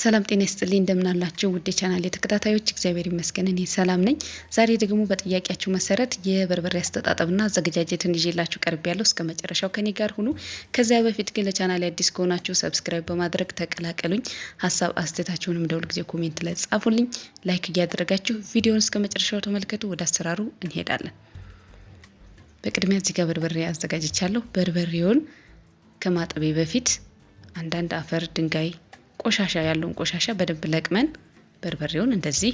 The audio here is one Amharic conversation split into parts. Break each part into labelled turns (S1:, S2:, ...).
S1: ሰላም ጤና ይስጥልኝ እንደምናላችሁ ውድ ቻናል የተከታታዮች፣ እግዚአብሔር ይመስገን እኔ ሰላም ነኝ። ዛሬ ደግሞ በጥያቄያችሁ መሰረት የበርበሬ አስተጣጠብና አዘገጃጀትን ይዤላችሁ ቀርብ ያለው እስከ መጨረሻው ከኔ ጋር ሁኑ። ከዚያ በፊት ግን ለቻናል አዲስ ከሆናችሁ ሰብስክራይብ በማድረግ ተቀላቀሉኝ። ሀሳብ አስተታችሁንም ደውል ጊዜ ኮሜንት ላይ ጻፉልኝ። ላይክ እያደረጋችሁ ቪዲዮን እስከ መጨረሻው ተመልከቱ። ወደ አሰራሩ እንሄዳለን። በቅድሚያ እዚህ በርበሬ አዘጋጅቻለሁ። በርበሬውን ከማጠቤ በፊት አንዳንድ አፈር ድንጋይ ቆሻሻ ያለውን ቆሻሻ በደንብ ለቅመን በርበሬውን እንደዚህ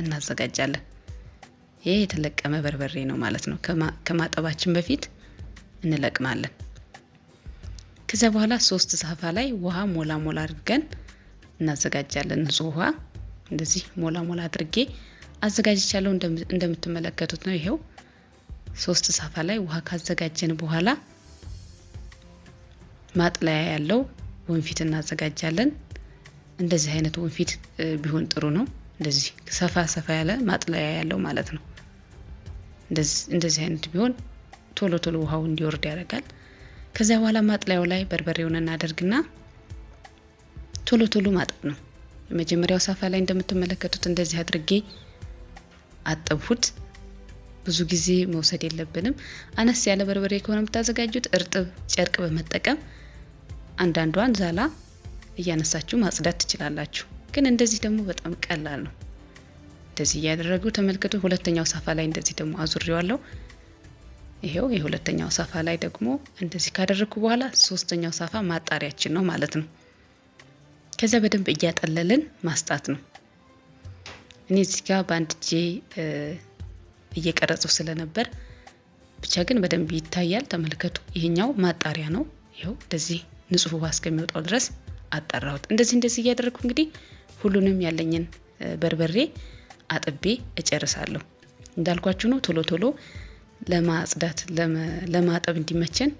S1: እናዘጋጃለን። ይህ የተለቀመ በርበሬ ነው ማለት ነው። ከማጠባችን በፊት እንለቅማለን። ከዚያ በኋላ ሶስት ሳፋ ላይ ውሃ ሞላ ሞላ አድርገን እናዘጋጃለን። ንጹህ ውሃ እንደዚህ ሞላ ሞላ አድርጌ አዘጋጅቻለሁ። እንደምትመለከቱት ነው። ይኸው ሶስት ሳፋ ላይ ውሃ ካዘጋጀን በኋላ ማጥለያ ያለው ወንፊት እናዘጋጃለን። እንደዚህ አይነት ወንፊት ቢሆን ጥሩ ነው። እንደዚህ ሰፋ ሰፋ ያለ ማጥለያ ያለው ማለት ነው። እንደዚህ አይነት ቢሆን ቶሎ ቶሎ ውሃው እንዲወርድ ያደርጋል። ከዚያ በኋላ ማጥለያው ላይ በርበሬውን እናደርግና ቶሎ ቶሎ ማጠብ ነው። የመጀመሪያው ሳፋ ላይ እንደምትመለከቱት እንደዚህ አድርጌ አጠብሁት። ብዙ ጊዜ መውሰድ የለብንም። አነስ ያለ በርበሬ ከሆነ የምታዘጋጁት እርጥብ ጨርቅ በመጠቀም አንዳንዷን ዛላ እያነሳችሁ ማጽዳት ትችላላችሁ። ግን እንደዚህ ደግሞ በጣም ቀላል ነው። እንደዚህ እያደረጉ ተመልከቱ። ሁለተኛው ሳፋ ላይ እንደዚህ ደግሞ አዙሬዋለሁ። ይሄው የሁለተኛው ሳፋ ላይ ደግሞ እንደዚህ ካደረግኩ በኋላ ሶስተኛው ሳፋ ማጣሪያችን ነው ማለት ነው። ከዚያ በደንብ እያጠለልን ማስጣት ነው። እኔ እዚህ ጋር በአንድ እጄ እየቀረጹ ስለነበር ብቻ ግን በደንብ ይታያል። ተመልከቱ። ይሄኛው ማጣሪያ ነው። ይኸው እንደዚህ ንጹህ ውሃ እስከሚወጣው ድረስ አጠራሁት። እንደዚህ እንደዚህ እያደረግኩ እንግዲህ ሁሉንም ያለኝን በርበሬ አጥቤ እጨርሳለሁ። እንዳልኳችሁ ነው ቶሎ ቶሎ ለማጽዳት ለማጠብ እንዲመቸን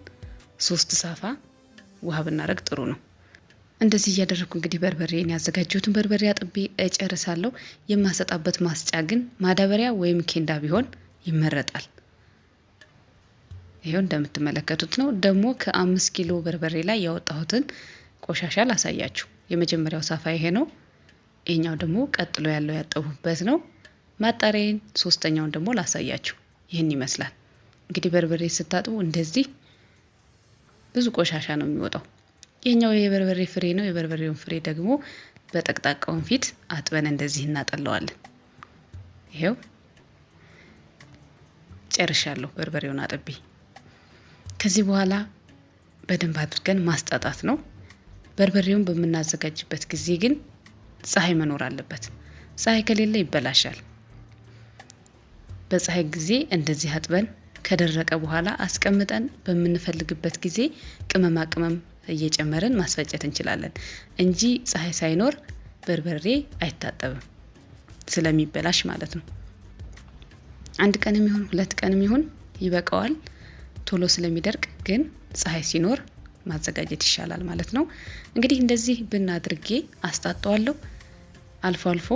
S1: ሶስት ሳፋ ውሃ ብናደረግ ጥሩ ነው። እንደዚህ እያደረግኩ እንግዲህ በርበሬን ያዘጋጀሁትን በርበሬ አጥቤ እጨርሳለሁ። የማሰጣበት ማስጫ ግን ማዳበሪያ ወይም ኬንዳ ቢሆን ይመረጣል። ይኸው እንደምትመለከቱት ነው ደግሞ ከአምስት ኪሎ በርበሬ ላይ ያወጣሁትን ቆሻሻ ላሳያችሁ። የመጀመሪያው ሳፋ ይሄ ነው። ይሄኛው ደግሞ ቀጥሎ ያለው ያጠቡበት ነው። ማጣሪያን ሶስተኛውን ደግሞ ላሳያችሁ። ይህን ይመስላል እንግዲህ በርበሬ ስታጥቡ እንደዚህ ብዙ ቆሻሻ ነው የሚወጣው። ይህኛው የበርበሬ ፍሬ ነው። የበርበሬውን ፍሬ ደግሞ በጠቅጣቃውን ፊት አጥበን እንደዚህ እናጠለዋለን። ይሄው ጨርሻለሁ በርበሬውን አጥቤ። ከዚህ በኋላ በደንብ አድርገን ማስጣጣት ነው። በርበሬውን በምናዘጋጅበት ጊዜ ግን ፀሐይ መኖር አለበት። ፀሐይ ከሌለ ይበላሻል። በፀሐይ ጊዜ እንደዚህ አጥበን ከደረቀ በኋላ አስቀምጠን በምንፈልግበት ጊዜ ቅመማ ቅመም እየጨመረን ማስፈጨት እንችላለን እንጂ ፀሐይ ሳይኖር በርበሬ አይታጠብም ስለሚበላሽ ማለት ነው። አንድ ቀንም ይሁን ሁለት ቀንም ይሁን ይበቃዋል ቶሎ ስለሚደርቅ። ግን ፀሐይ ሲኖር ማዘጋጀት ይሻላል ማለት ነው። እንግዲህ እንደዚህ ብና አድርጌ አስጣጠዋለሁ። አልፎ አልፎ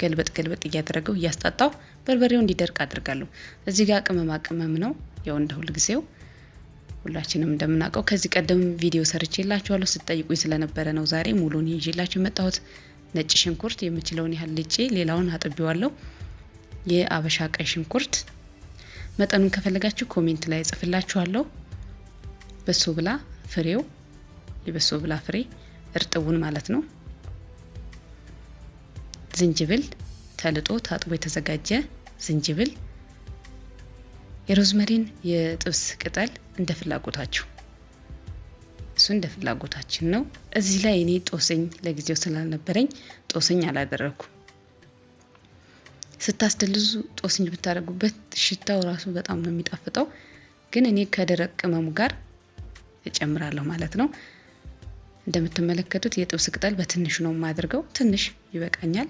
S1: ገልበጥ ገልበጥ እያደረገው እያስጣጣው በርበሬው እንዲደርቅ አድርጋለሁ። እዚህ ጋር ቅመማ ቅመም ነው ያው እንደ ሁልጊዜው ሁላችንም እንደምናውቀው ከዚህ ቀደም ቪዲዮ ሰርቼ ስትጠይቁኝ ስለነበረ ነው ዛሬ ሙሉን ይዤላችሁ የመጣሁት። ነጭ ሽንኩርት የምችለውን ያህል ልጬ ሌላውን አጥቢዋለሁ። የአበሻ ቀይ ሽንኩርት መጠኑን ከፈለጋችሁ ኮሜንት ላይ ጽፍላችኋለሁ። በሶ ብላ ፍሬው የበሶ ብላ ፍሬ እርጥቡን ማለት ነው። ዝንጅብል ተልጦ ታጥቦ የተዘጋጀ ዝንጅብል፣ የሮዝመሪን የጥብስ ቅጠል እንደ ፍላጎታችሁ እሱ እንደ ፍላጎታችን ነው። እዚህ ላይ እኔ ጦስኝ ለጊዜው ስላልነበረኝ ጦስኝ አላደረግኩ። ስታስደልዙ ጦስኝ ብታደርጉበት ሽታው ራሱ በጣም ነው የሚጣፍጠው። ግን እኔ ከደረቅ ቅመሙ ጋር እጨምራለሁ ማለት ነው። እንደምትመለከቱት የጥብስ ቅጠል በትንሹ ነው የማድርገው። ትንሽ ይበቃኛል።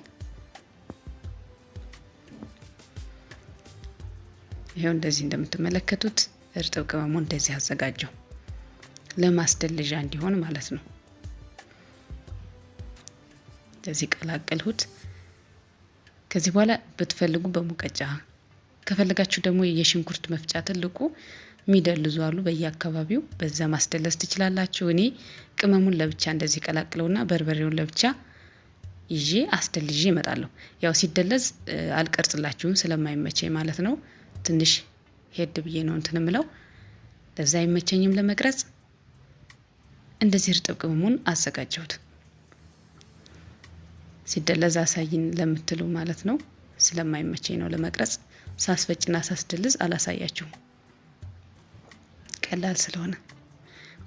S1: ይኸው እንደዚህ እንደምትመለከቱት እርጥብ ቅመሙ እንደዚህ አዘጋጀው ለማስደለዣ እንዲሆን ማለት ነው። እንደዚህ ቀላቀልሁት። ከዚህ በኋላ ብትፈልጉ በሙቀጫ ከፈለጋችሁ ደግሞ የሽንኩርት መፍጫ ትልቁ የሚደልዙ አሉ በየአካባቢው። በዛ ማስደለዝ ትችላላችሁ። እኔ ቅመሙን ለብቻ እንደዚህ ቀላቅለውና በርበሬውን ለብቻ ይዤ አስደልዤ እመጣለሁ። ያው ሲደለዝ አልቀርጽላችሁም ስለማይመቸኝ ማለት ነው። ትንሽ ሄድ ብዬ ነው እንትን ምለው፣ ለዛ አይመቸኝም ለመቅረጽ። እንደዚህ እርጥብ ቅመሙን አዘጋጀሁት። ሲደለዝ አሳይን ለምትሉ ማለት ነው ስለማይመቸኝ ነው ለመቅረጽ። ሳስፈጭና ሳስደልዝ አላሳያችሁም። ቀላል ስለሆነ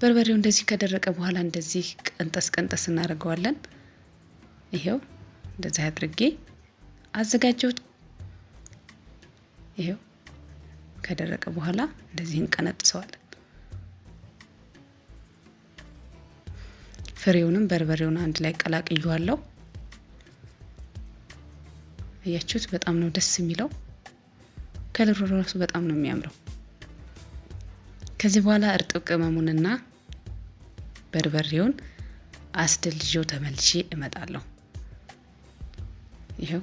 S1: በርበሬው እንደዚህ ከደረቀ በኋላ እንደዚህ ቀንጠስ ቀንጠስ እናደርገዋለን። ይሄው እንደዚህ አድርጌ አዘጋጀሁት። ይሄው ከደረቀ በኋላ እንደዚህ እንቀነጥሰዋለን። ፍሬውንም በርበሬውን አንድ ላይ ቀላቅያዋለሁ። እያችሁት በጣም ነው ደስ የሚለው። ከለሩ ራሱ በጣም ነው የሚያምረው። ከዚህ በኋላ እርጥብ ቅመሙንና በርበሬውን አስደልዤው ተመልሼ እመጣለሁ። ይኸው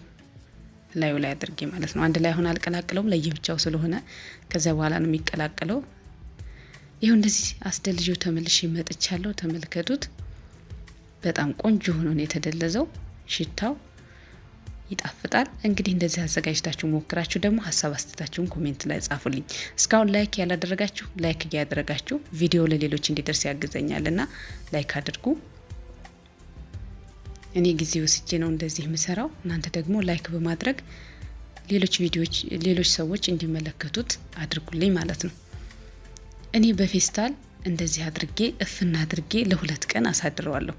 S1: ላዩ ላይ አድርጌ ማለት ነው። አንድ ላይ አሁን አልቀላቅለውም ለየብቻው ስለሆነ ከዚያ በኋላ ነው የሚቀላቀለው። ይኸው እንደዚህ አስደልዤው ተመልሼ መጥቻለሁ። ተመልከቱት። በጣም ቆንጆ ሆኖ ነው የተደለዘው። ሽታው ይጣፍ ይጣፍጣል። እንግዲህ እንደዚህ አዘጋጅታችሁ ሞክራችሁ ደግሞ ሀሳብ አስተታችሁን ኮሜንት ላይ ጻፉልኝ። እስካሁን ላይክ ያላደረጋችሁ ላይክ እያደረጋችሁ ቪዲዮ ለሌሎች እንዲደርስ ያግዘኛል እና ላይክ አድርጉ። እኔ ጊዜ ወስጄ ነው እንደዚህ የምሰራው። እናንተ ደግሞ ላይክ በማድረግ ሌሎች ቪዲዮዎች ሌሎች ሰዎች እንዲመለከቱት አድርጉልኝ ማለት ነው። እኔ በፌስታል እንደዚህ አድርጌ እፍና አድርጌ ለሁለት ቀን አሳድረዋለሁ።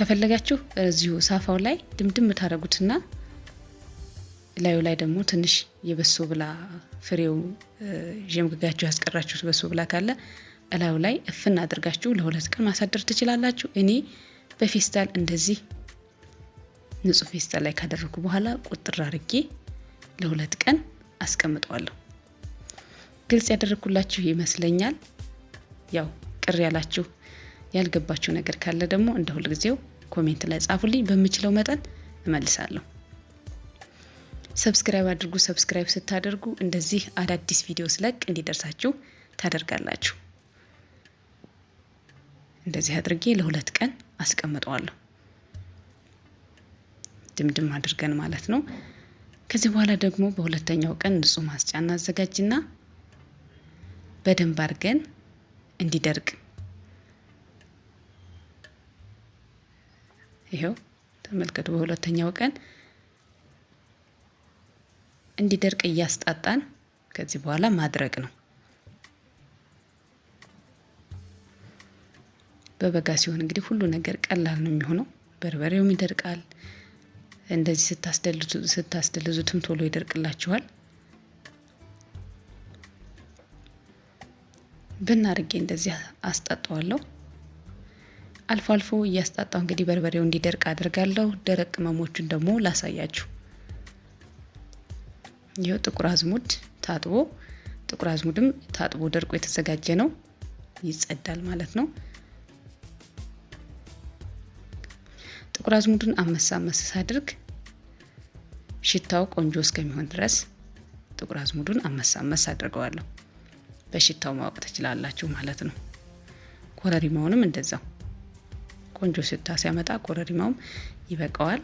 S1: ከፈለጋችሁ እዚሁ ሳፋው ላይ ድምድም ታደረጉትና ላዩ ላይ ደግሞ ትንሽ የበሶ ብላ ፍሬው ዥምግጋችሁ ያስቀራችሁት በሶ ብላ ካለ እላዩ ላይ እፍን አድርጋችሁ ለሁለት ቀን ማሳደር ትችላላችሁ። እኔ በፌስታል እንደዚህ ንጹህ ፌስታል ላይ ካደረኩ በኋላ ቁጥር አርጌ ለሁለት ቀን አስቀምጠዋለሁ። ግልጽ ያደረግኩላችሁ ይመስለኛል። ያው ቅር ያላችሁ ያልገባችሁ ነገር ካለ ደግሞ እንደ ሁልጊዜው ኮሜንት ላይ ጻፉልኝ፣ በምችለው መጠን እመልሳለሁ። ሰብስክራይብ አድርጉ። ሰብስክራይብ ስታደርጉ እንደዚህ አዳዲስ ቪዲዮ ስለቅ እንዲደርሳችሁ ታደርጋላችሁ። እንደዚህ አድርጌ ለሁለት ቀን አስቀምጠዋለሁ፣ ድምድም አድርገን ማለት ነው። ከዚህ በኋላ ደግሞ በሁለተኛው ቀን ንጹህ ማስጫ እናዘጋጅና በደንብ አድርገን እንዲደርቅ ይኸው ተመልከቱ። በሁለተኛው ቀን እንዲደርቅ እያስጣጣን ከዚህ በኋላ ማድረቅ ነው። በበጋ ሲሆን እንግዲህ ሁሉ ነገር ቀላል ነው የሚሆነው። በርበሬውም ይደርቃል። እንደዚህ ስታስደልዙትም ቶሎ ይደርቅላችኋል። ብናርጌ እንደዚህ አስጣጠዋለሁ። አልፎ አልፎ እያስጣጣው እንግዲህ በርበሬው እንዲደርቅ አድርጋለሁ። ደረቅ ቅመሞቹን ደግሞ ላሳያችሁ። ይኸው ጥቁር አዝሙድ ታጥቦ ጥቁር አዝሙድም ታጥቦ ደርቆ የተዘጋጀ ነው። ይጸዳል ማለት ነው። ጥቁር አዝሙድን አመሳ አመሳ ሳድርግ ሽታው ቆንጆ እስከሚሆን ድረስ ጥቁር አዝሙዱን አመሳ አመሳ አድርገዋለሁ። በሽታው ማወቅ ትችላላችሁ ማለት ነው። ኮረሪማውንም እንደዛው ቆንጆ ሽታ ሲያመጣ ኮረሪማውም ይበቃዋል።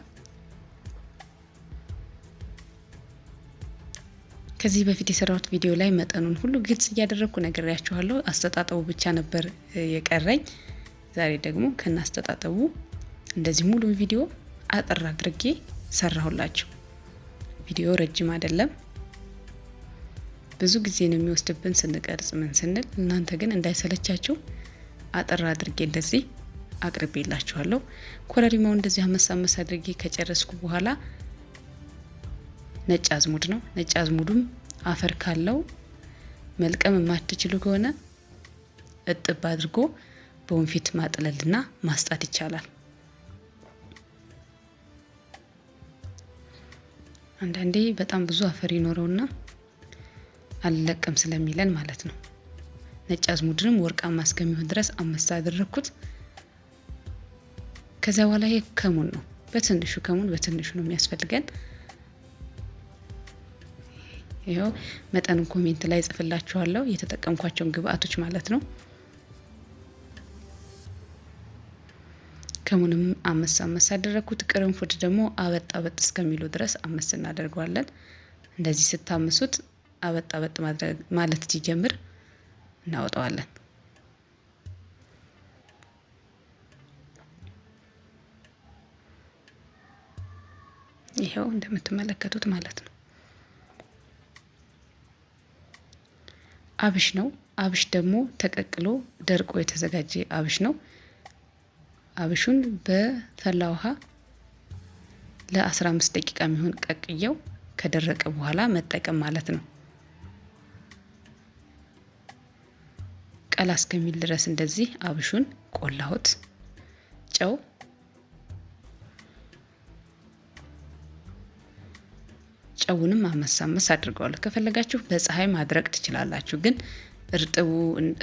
S1: ከዚህ በፊት የሰራሁት ቪዲዮ ላይ መጠኑን ሁሉ ግልጽ እያደረግኩ ነግሬያችኋለሁ። አስተጣጠቡ ብቻ ነበር የቀረኝ። ዛሬ ደግሞ ከነ አስተጣጠቡ እንደዚህ ሙሉ ቪዲዮ አጠር አድርጌ ሰራሁላችሁ። ቪዲዮ ረጅም አይደለም። ብዙ ጊዜ ነው የሚወስድብን ስንቀርጽ ምን ስንል። እናንተ ግን እንዳይሰለቻችሁ አጠር አድርጌ እንደዚህ አቅርቤላችኋለሁ። ኮረሪማው እንደዚህ አመስ አመስ አድርጌ ከጨረስኩ በኋላ ነጭ አዝሙድ ነው። ነጭ አዝሙዱም አፈር ካለው መልቀም የማትችሉ ከሆነ እጥብ አድርጎ በወንፊት ማጥለልና ማስጣት ይቻላል። አንዳንዴ በጣም ብዙ አፈር ይኖረውና አልለቅም ስለሚለን ማለት ነው። ነጭ አዝሙድንም ወርቃማ እስከሚሆን ድረስ አምስት ያደረግኩት። ከዚያ በኋላ ይሄ ከሙን ነው። በትንሹ ከሙን በትንሹ ነው የሚያስፈልገን። ይኸው መጠኑን ኮሜንት ላይ ጽፍላችኋለሁ የተጠቀምኳቸውን ግብአቶች ማለት ነው። ከሙንም አመስ አመስ ያደረግኩት ቅርንፉድ ደግሞ አበጥ አበጥ እስከሚሉ ድረስ አመስ እናደርገዋለን። እንደዚህ ስታመሱት አበጥ አበጥ ማለት ሲጀምር እናወጣዋለን። ይኸው እንደምትመለከቱት ማለት ነው። አብሽ ነው። አብሽ ደግሞ ተቀቅሎ ደርቆ የተዘጋጀ አብሽ ነው። አብሹን በፈላ ውሃ ለ15 ደቂቃ የሚሆን ቀቅየው ከደረቀ በኋላ መጠቀም ማለት ነው። ቀላ እስከሚል ድረስ እንደዚህ አብሹን ቆላሁት። ጨው ጨውንም አመሳመስ አድርገዋል። ከፈለጋችሁ በፀሐይ ማድረቅ ትችላላችሁ፣ ግን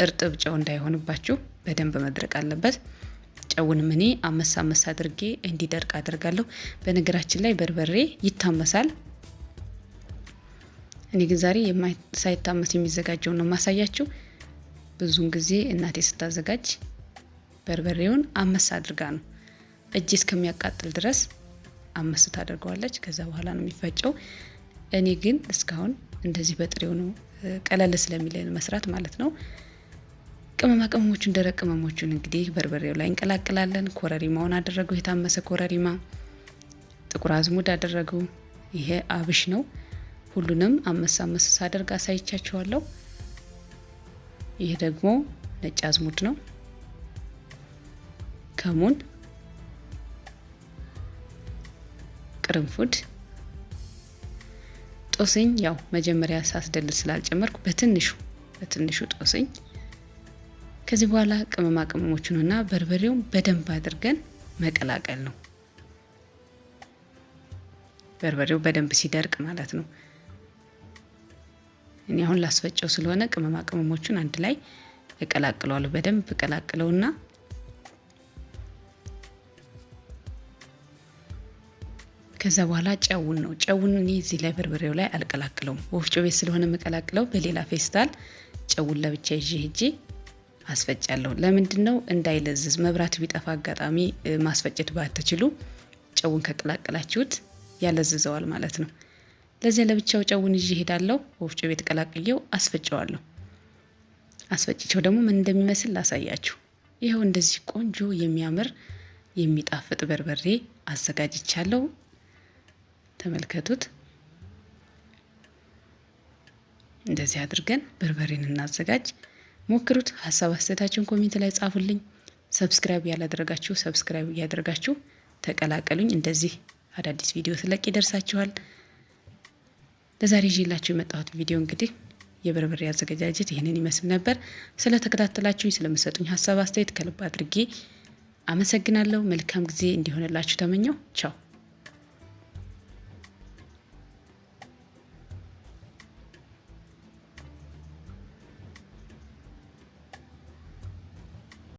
S1: እርጥብ ጨው እንዳይሆንባችሁ በደንብ መድረቅ አለበት። ጨውንም እኔ አመሳመስ አድርጌ እንዲደርቅ አድርጋለሁ። በነገራችን ላይ በርበሬ ይታመሳል። እኔ ግን ዛሬ ሳይታመስ የሚዘጋጀውን ነው ማሳያችሁ። ብዙን ጊዜ እናቴ ስታዘጋጅ በርበሬውን አመስ አድርጋ ነው እጅ እስከሚያቃጥል ድረስ አመስ ታደርገዋለች። ከዛ በኋላ ነው የሚፈጨው። እኔ ግን እስካሁን እንደዚህ በጥሬው ነው ቀለል ስለሚለን መስራት ማለት ነው። ቅመማ ቅመሞቹን ደረቅ ቅመሞቹን እንግዲህ በርበሬው ላይ እንቀላቅላለን። ኮረሪማውን አደረገው፣ የታመሰ ኮረሪማ፣ ጥቁር አዝሙድ አደረገው። ይሄ አብሽ ነው። ሁሉንም አመስ አመስ ሳደርግ አሳይቻችኋለሁ። ይሄ ደግሞ ነጭ አዝሙድ ነው። ከሙን፣ ቅርንፉድ ጦስኝ ያው መጀመሪያ ሳስደልት ስላልጨመርኩ በትንሹ በትንሹ ጦስኝ። ከዚህ በኋላ ቅመማ ቅመሞቹንና በርበሬውን በደንብ አድርገን መቀላቀል ነው። በርበሬው በደንብ ሲደርቅ ማለት ነው። እኔ አሁን ላስፈጨው ስለሆነ ቅመማ ቅመሞቹን አንድ ላይ እቀላቅለዋለሁ። በደንብ እቀላቅለውና ከዛ በኋላ ጨውን ነው። ጨውን እኔ እዚህ ላይ በርበሬው ላይ አልቀላቅለውም። ወፍጮ ቤት ስለሆነ የምቀላቅለው በሌላ ፌስታል ጨውን ለብቻ ይዤ ሄጄ አስፈጫለሁ። ለምንድን ነው እንዳይለዝዝ። መብራት ቢጠፋ አጋጣሚ ማስፈጨት ባትችሉ ጨውን ከቀላቀላችሁት ያለዝዘዋል ማለት ነው። ለዚያ ለብቻው ጨውን ይዤ ሄዳለሁ። ወፍጮ ቤት ቀላቅየው አስፈጨዋለሁ። አስፈጭቸው ደግሞ ምን እንደሚመስል ላሳያችሁ። ይኸው እንደዚህ ቆንጆ የሚያምር የሚጣፍጥ በርበሬ አዘጋጅቻለሁ። ተመልከቱት። እንደዚህ አድርገን በርበሬን እናዘጋጅ። ሞክሩት። ሀሳብ አስተያየታችሁን ኮሜንት ላይ ጻፉልኝ። ሰብስክራይብ ያላደረጋችሁ ሰብስክራይብ እያደረጋችሁ ተቀላቀሉኝ። እንደዚህ አዳዲስ ቪዲዮ ስለቅ ይደርሳችኋል። ለዛሬ ይዤላችሁ የመጣሁት ቪዲዮ እንግዲህ የበርበሬ አዘገጃጀት ይህንን ይመስል ነበር። ስለተከታተላችሁኝ ስለምሰጡኝ ሀሳብ አስተያየት ከልብ አድርጌ አመሰግናለሁ። መልካም ጊዜ እንዲሆንላችሁ ተመኘው። ቻው